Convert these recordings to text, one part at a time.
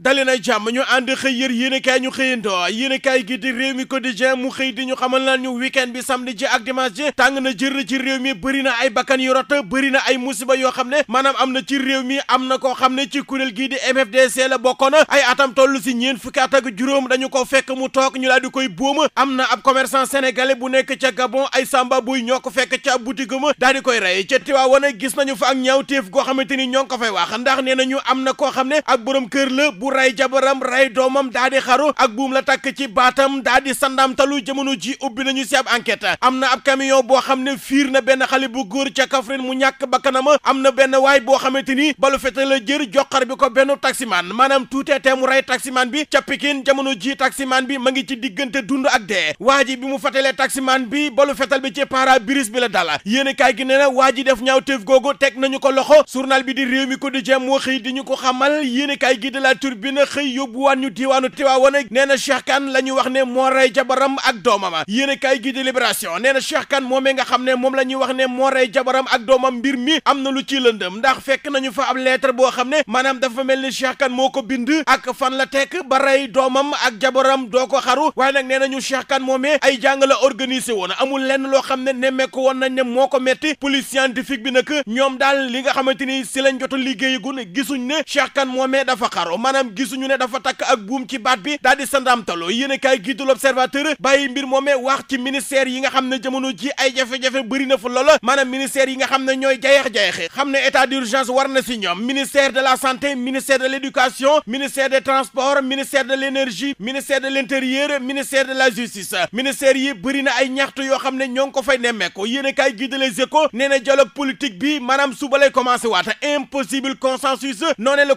dali na jàmm ñu ànd xëy yër yéenekaay ñu xëyandoo yéenekaay gi di réew mi quotidien mu xëy di ñu xamal naan ñu week-end bi samedi ji ak dimanche tàng na jër ci réew mi bëri na ay bakkan yu rot bëri na ay musiba yoo xam ne maanaam am na ci réew mi am na koo xam ne ci kuréel gii di MFDC la bokkoon ay atam toll si ñeen fukki at juróom dañu ko fekk mu toog ñu laa di koy booma am na ab commerçant sénégalais bu nekk ca Gabon ay samba buy ñoo ko fekk ca boutique daal di koy rey ca Tiwaawan gis nañu fa ak ñaawteef goo xamante ni ñoo ngi ko fay wax ndax nee nañu am na koo xam ne ab borom kër la bu ray jabaram ray doomam daa di xaru ak buum la takk ci baatam daa di sandaamtalu jamono ji ubbi nañu si ab enquête am na ab camion boo xam ne fiir na benn xale bu góor ca Kaffrine mu ñàkk bakkanama am na benn waay boo xamante ni balu fete la jër joxar bi ko benn taximaan maanaam tuutee tee mu rey taximaan bi ca Pikine jamono ji taximaan bi ma ngi ci diggante dund ak dee waa ji bi mu fatalee taximaan bi balu fetal bi ci pare bi la dala yéen kaay gi nee na waa ji def ñaaw teef googu teg nañu ko loxo journal bi di réew mi quotidien moo xëy di ñu ko xamal yéen kaay gi de la tur bi na xëy yóbbuwaan ñu diiwaanu Tiwaawan nee na Cheikh Kane la ñu wax ne moo rey jabaram ak doomama yéene kaay gi di Libération nee na Cheikh Kane moomee nga xam ne moom la ñuy wax ne moo rey jabaram ak doomam mbir mi am na lu ci lëndëm ndax fekk nañu fa ab lettre boo xam ne maanaam dafa mel ne Cheikh Kane moo ko bind ak fan la tekk ba rey doomam ak jabaram doo ko xaru waaye nag nee nañu Cheikh moo moomee ay jàng la organisé woon amul lenn loo xam ne nemmeeku woon nañ ne moo ko metti police bi nag ñoom daal li nga xamante ni si lañ jot a liggéeyagun gisuñ ne Cheikh Kane moomee dafa xaru maanaam itam gisuñu ne dafa takk ak buum ci baat bi daal di sandaamtaloo yéen kaay gi du l'observateur bàyyi mbir moomee wax ci ministère yi nga xam ne jamono ji ay jafe-jafe bëri na fa loola maanaam ministère yi nga xam ne ñooy jayeex-jayeexe xam ne état d'urgence war na si ñoom ministère de la santé ministère de l'éducation ministère des transports ministère de l'énergie ministère de l'intérieur ministère de la justice ministère yi bëri na ay ñaxtu yoo xam ne ñoo ngi ko fay nemmeeku yéen kaay gi bi maanaam suba lay commencé waata impossible consensus noonee la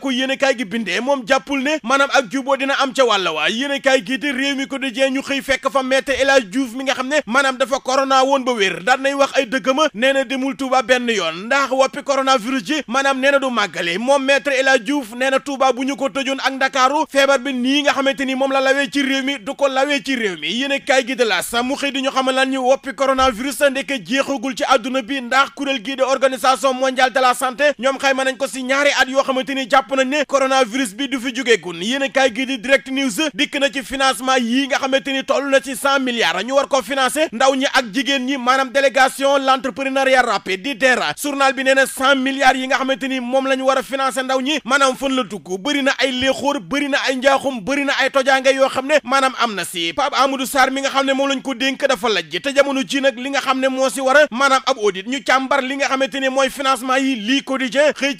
pour ne maanaam ak juboo dina am ca wàlla waa yéen kaay gii di réew mi ko di ñu xëy fekk fa Maître El Hadji Diouf mi nga xam ne maanaam dafa corona woon ba wér daan nay wax ay dëggama nee na demul Touba benn yoon ndax woppi coronavirus ji maanaam nee na du màggale moom Maître El a Diouf nee na Touba bu ñu ko tëjoon ak Ndakaaru feebar bi nii nga xamante ni moom la lawee ci réew mi du ko lawee ci réew mi yéen kaay gi de la sa mu xëy di ñu xamal lan ñu woppi coronavirus ndeke jeexagul ci àdduna bi ndax kuréel gii de organisation mondiale de la ñoom xayma nañ ko si ñaari at yoo xamante ni jàpp nañ ne coronavirus bi fi jógeegun yéen a kaay gi di direct news dikk na ci financement yii nga xamante ni toll na ci cent milliards ñu war ko financé ndaw ñi ak jigéen ñi maanaam délégation l'entrepreneuriat rapide di DER journal bi nee na cent yi nga xamante ni moom la ñu war a ndaw ñi maanaam fan la dugg bëri na ay léexóor bëri na ay njaaxum bëri na ay tojaange yoo xam ne maanaam am na si Pape Amadou Sarr mi nga xam ne moom lañ ko dénk dafa lajj te jamono a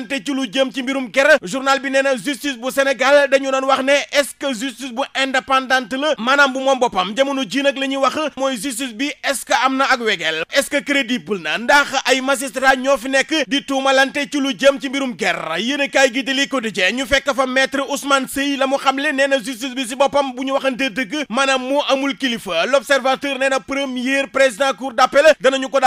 ci guerre ci lu jëm ci mbirum ger journal bi nee na bu Sénégal dañu doon wax ne est-ce bu indépendante la maanaam bu moom boppam jamono ji nag la wax mooy justice bi est-ce que am na ak wegel est-ce que na ndax ay magistrat ñoo fi nekk di tuumalante ci lu jëm ci mbirum ger yéen a kaay gi di ñu fekk fa maître Ousmane Seye la mu xamle nee na justice bi si boppam bu ñu waxante dëgg maanaam moo amul kilifa l'observateur nee na premier président d'appel danañu ko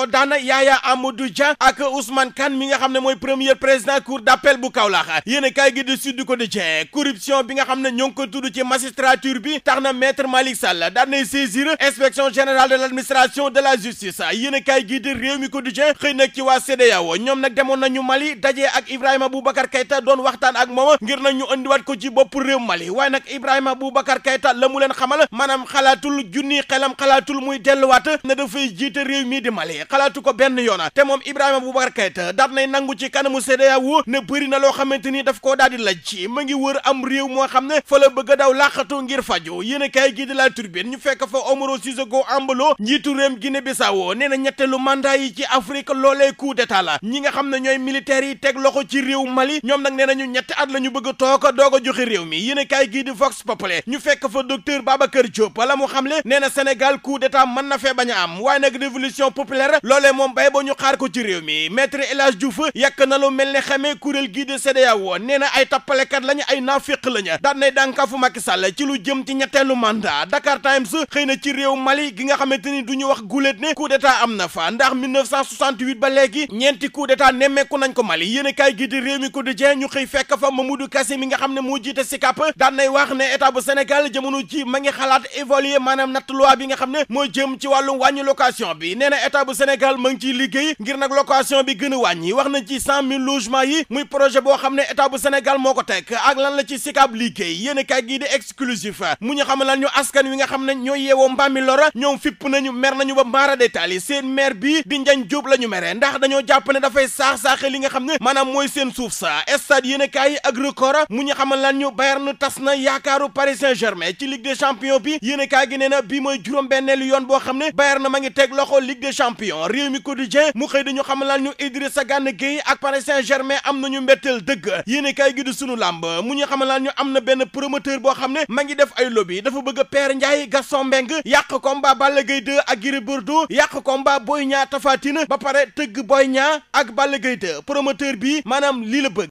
a Yaaya Amadou Dia ak Ousmane Kane mi nga xam ne mooy premier président cour d'appel bu Kaolack yéen a kaay gi di sud ko di cee corruption bi nga xam ne ñoo ngi ko tudd ci magistrature bi tax na maître Malick Sall daan nay saisir inspection générale de l'administration de la justice yéen a kaay gi di réew mi ko di cee xëy nag ci waa CEDEAO ñoom nag demoon nañu Mali daje ak Ibrahima Boubacar Keïta doon waxtaan ak moom ngir nañu andiwaat ko ci bopp réew Mali waaye nag Ibrahima Boubacar Keïta la mu leen xamal maanaam xalaatul junni xelam xalaatul muy delluwaat na dafay jiite réew mi di Mali xalaatu ko benn yoona te moom Ibrahima Boubacar Keïta daat nay nangu ci kanamu CEDEAO ne bëri na loo xamante ni daf koo daal di laj ci ma ngi wër am réew moo xam ne fa la bëgg daw làqatu ngir faju yéen a kaay gi di la turbine ñu fekk fa Omaro Sissoko Embalo njiitu réem Guinée Bissau nee na lu mandat yi ci Afrique loolee coup d'état la ñi nga xam ne ñooy militaires yi teg loxo ci réew Mali ñoom nag nee na ñu ñetti at la ñu bëgg a toog doog a joxe réew mi yéen a kaay gii di Vox Populi ñu fekk fa docteur Babacar Diop la mu xamle nee na Sénégal coup d'état mën na fee bañ am waaye nag révolution populaire loolee moom bay boo ñu xaar ko ci réew mi maître El Hadj Diouf yàq na lu mel ne xamee kuréel gii de CEDEAO nee na ay tappalekat lañu ay naafiq lañu daan nay dànkaafu Macky Sall ci lu jëm ci ñetteelu mandat Dakar Times xëy na ci réew Mali gi nga xamante ni du ñu wax guléet ne coup d'état am na fa ndax 1968 ba léegi ñeenti coup d'état nemmeeku nañ ko Mali yéen a kaay gii di réew mi quotidien ñu xëy fekk fa Mamadou Kassé mi nga xam ne moo jiite SICAP daan nay wax ne état bu jamono ji ma xalaat évaluer maanaam natt loi bi nga xam ne moo jëm ci wàllum wàññi bi nee na état bu Sénégal ma ngi ciy liggéey ngir nag location bi gën wàññi wax nañ ci cent mille logements yi muy projet boo xam ne état bu Sénégal moo ko teg ak lan la ci sikaab liggéey yéen kaay gii di exclusif mu ñu xamal lan ñu askan wi nga xam ne ñooy yeewoo Mbambi Lora ñoom fipp nañu mer nañu ba maara détail yi seen maire bi di Njañ Jóob la ñu mere ndax dañoo jàpp ne dafay saax-saaxe li nga xam ne maanaam mooy seen suuf sa stade yéen kaa yi ak record mu ñu xamal lan ñu Bayern tas na yaakaaru Paris Saint-Germain ci Ligue des Champions bi nee na bii mooy juróom-benneelu yoon boo xam ne Bayern ma ngi teg loxo Ligue des mi mi quotidien mu xëy dañu xamalaan ñu Idrissa Gana Gueye ak Paris Saint-Germain am nañu mbetteel dëgg yéene kaay gi di sunu làmb mu ñu xamalal ñu am na benn promoteur boo xam ne ma ngi def ay lobby dafa bëgg a Père Ndiaye Gaston Mbengue yàq ko Balla Gaye 2 ak Gris Bordeaux yàq combat Boy Niang Tapha Tine ba pare tëgg Boy ñaa ak Balla Gaye 2 bii bi maanaam lii la bëgg